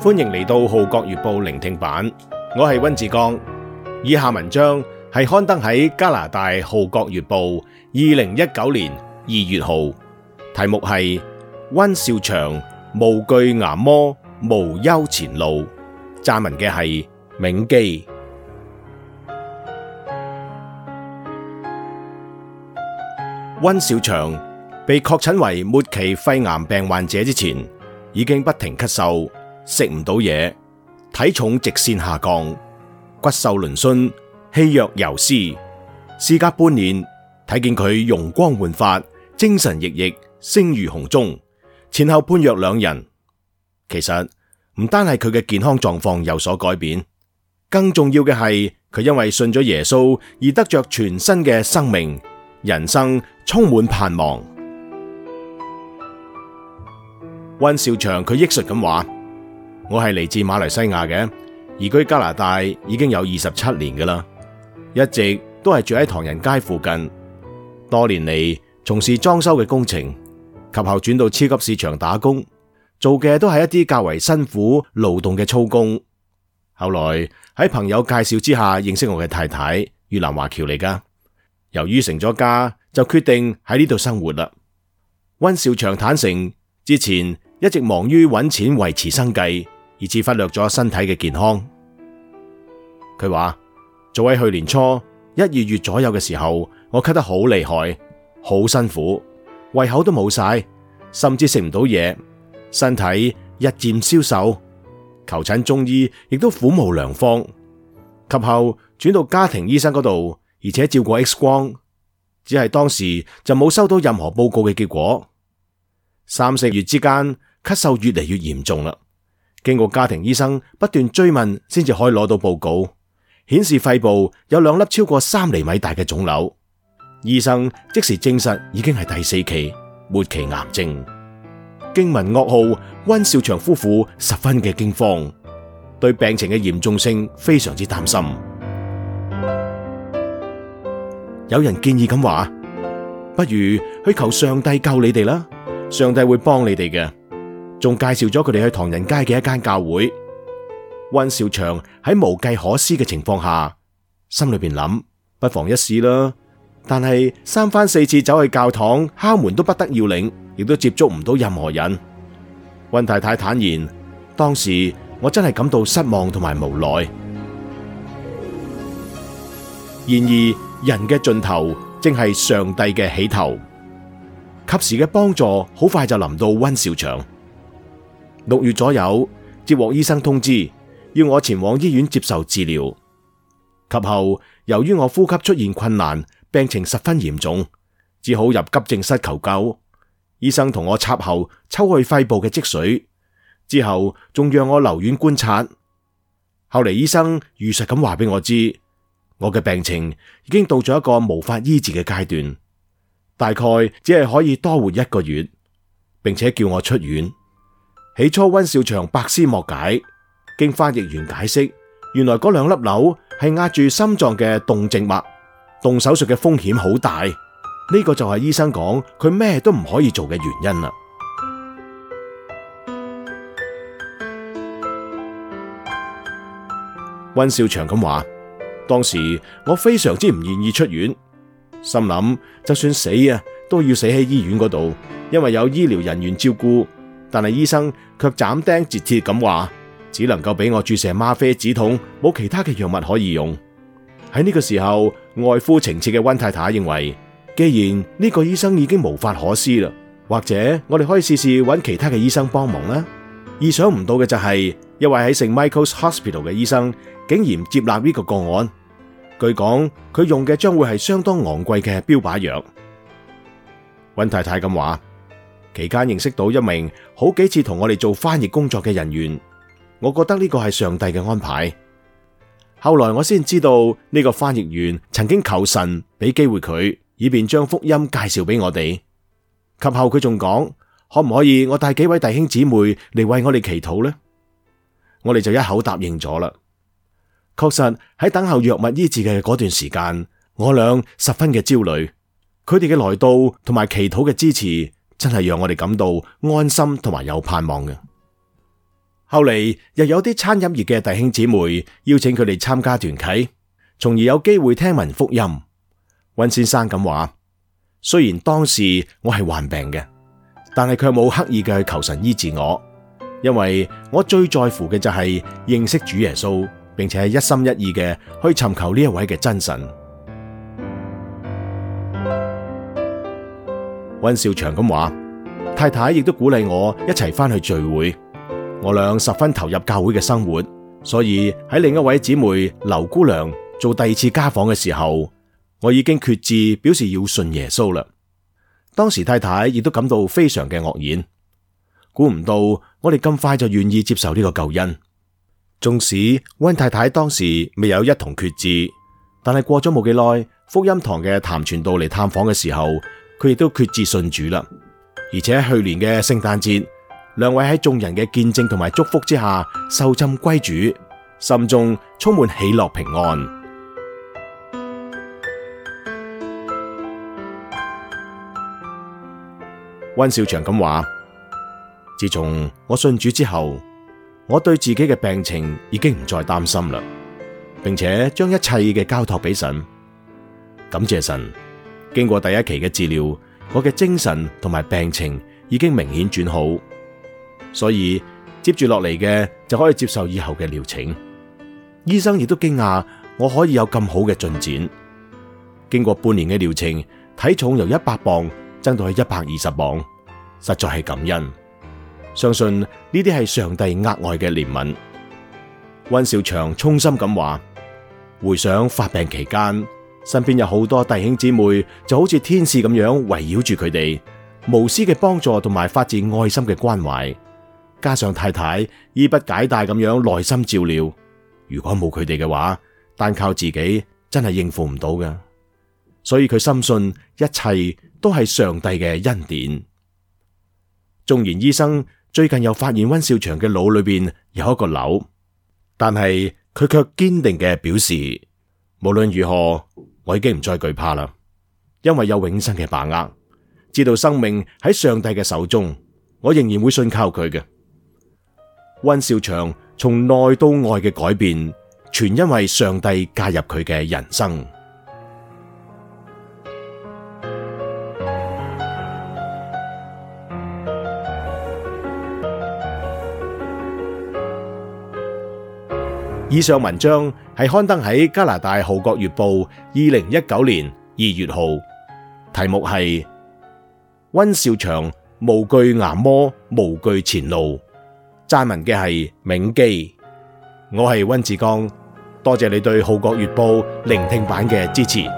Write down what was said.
歡迎嚟到《浩國月報》聆聽版，我係溫志剛。以下文章係刊登喺加拿大《浩國月報》二零一九年二月號，題目係溫紹翔，祥無懼癌魔無憂前路。撰文嘅係銘基。溫紹翔被確診為末期肺癌病患者之前，已經不停咳嗽。食唔到嘢，體重直綫下降，骨瘦嶙峋，氣弱游絲。事隔半年，睇見佢容光煥發，精神奕奕，聲如洪鐘，前後判若兩人。其實唔單係佢嘅健康狀況有所改變，更重要嘅係佢因為信咗耶穌而得着全新嘅生命，人生充滿盼望。溫紹翔佢益述咁話。我係嚟自馬來西亞嘅，移居加拿大已經有二十七年噶啦，一直都係住喺唐人街附近。多年嚟從事裝修嘅工程，及後轉到超級市場打工，做嘅都係一啲較為辛苦勞動嘅粗工。後來喺朋友介紹之下認識我嘅太太，越南華僑嚟噶。由於成咗家，就決定喺呢度生活啦。溫紹翔坦承，之前一直忙於搵錢維持生計。以致忽略咗身體嘅健康。佢話，早喺去年初，一二月左右嘅時候，我咳得好厲害，好辛苦，胃口都冇晒，甚至食唔到嘢，身體日漸消瘦。求診中醫亦都苦無良方，及後轉到家庭醫生嗰度，而且照過 X 光，只係當時就冇收到任何報告嘅結果。三四月之間，咳嗽越嚟越嚴重啦。經過家庭醫生不斷追問，先至可以攞到報告，顯示肺部有兩粒超過三厘米大嘅腫瘤。醫生即時證實已經係第四期末期癌症。驚聞噩耗，溫紹翔夫婦十分嘅驚慌，對病情嘅嚴重性非常之擔心。 有人建議咁話：不如去求上帝救你哋啦，上帝會幫你哋嘅。仲介紹咗佢哋去唐人街嘅一間教會。溫紹翔喺無計可施嘅情況下，心裏邊諗不妨一試啦。但係三番四次走去教堂敲門都不得要領，亦都接觸唔到任何人。溫太太坦言：當時我真係感到失望同埋無奈。然而人嘅盡頭正係上帝嘅起頭，及時嘅幫助好快就臨到溫紹翔。六月左右接獲醫生通知，要我前往醫院接受治療。及後，由於我呼吸出現困難，病情十分嚴重，只好入急症室求救。醫生同我插喉抽去肺部嘅積水，之後仲讓我留院觀察。後嚟，醫生如實咁話俾我知，我嘅病情已經到咗一個無法醫治嘅階段，大概只係可以多活一個月，並且叫我出院。起初，溫紹翔百思莫解，經翻譯員解釋，但係醫生卻斬釘截鐵咁話，只能夠俾我注射嗎啡止痛，冇其他嘅藥物可以用。喺呢個時候，愛夫情切嘅溫太太認為，既然呢個醫生已經無法可施啦，或者我哋可以試試揾其他嘅醫生幫忙啦。意想唔到嘅就係、是，一位喺聖 Michael’s Hospital 嘅醫生竟然接納呢個個案。據講，佢用嘅將會係相當昂貴嘅標靶藥。溫太太咁話。期間認識到一名好幾次同我哋做翻譯工作嘅人員，我覺得呢個係上帝嘅安排。後來我先知道呢個翻譯員曾經求神俾機會佢，以便將福音介紹俾我哋。及後佢仲講：可唔可以我帶幾位弟兄姊妹嚟，為我哋祈禱呢？我哋就一口答應咗啦。確實喺等候藥物醫治嘅嗰段時間，我倆十分嘅焦慮。佢哋嘅來到同埋祈禱嘅支持，真係讓我哋感到安心同埋有盼望嘅。後嚟又有啲餐飲業嘅弟兄姊妹邀請佢哋參加團契，從而有機會聽聞福音。溫先生咁話：「雖然當時我係患病嘅，但係佢冇刻意嘅去求神醫治我，因為我最在乎嘅就係認識主耶穌，並且一心一意嘅去尋求呢一位嘅真神。溫紹翔咁話，太太亦都鼓勵我一齊翻去聚會。我倆十分投入教會嘅生活，所以喺另一位姐妹劉姑娘做第二次家訪嘅時候，我已經決志表示要信耶穌啦。當時太太亦都感到非常嘅愕然，估唔到我哋咁快就願意接受呢個救恩。縱使溫太太當時未有一同決志，但係過咗冇幾耐，福音堂嘅譚傳道嚟探訪嘅時候，佢亦都決志信主啦，而且去年嘅聖誕節，兩位喺眾人嘅見證同埋祝福之下受浸歸主，心中充滿喜樂平安。溫紹翔咁話：「自從我信主之後，我對自己嘅病情已經唔再擔心啦，並且將一切嘅交託俾神，感謝神。經過第一期嘅治療，我嘅精神同埋病情已經明顯轉好，所以接住落嚟嘅就可以接受以後嘅療程。醫生亦都驚訝我可以有咁好嘅進展。經過半年嘅療程，體重由一百磅增到去一百二十磅，實在係感恩。相信呢啲係上帝額外嘅憐憫。温紹翔衷心咁話：回想發病期間。身邊有好多弟兄姊妹，就好似天使咁樣圍繞住佢哋，無私嘅幫助同埋發自愛心嘅關懷，加上太太衣不解帶咁樣耐心照料。如果冇佢哋嘅話，單靠自己真係應付唔到嘅。所以佢深信一切都係上帝嘅恩典。縱然醫生最近又發現溫紹翔嘅腦裏邊有一個瘤，但係佢卻堅定嘅表示，無論如何。我已經唔再懼怕啦，因為有永生嘅把握。知道生命喺上帝嘅手中，我仍然會信靠佢嘅。溫紹翔從內到外嘅改變，全因為上帝介入佢嘅人生。以上文章係刊登喺加拿大《號角月報》2019年2月號。題目係: 2月號題目係「溫紹翔毋懼癌魔毋憂前路」，撰文嘅係銘基。我係溫志剛，多謝你對《號角月報》聆聽版嘅支持。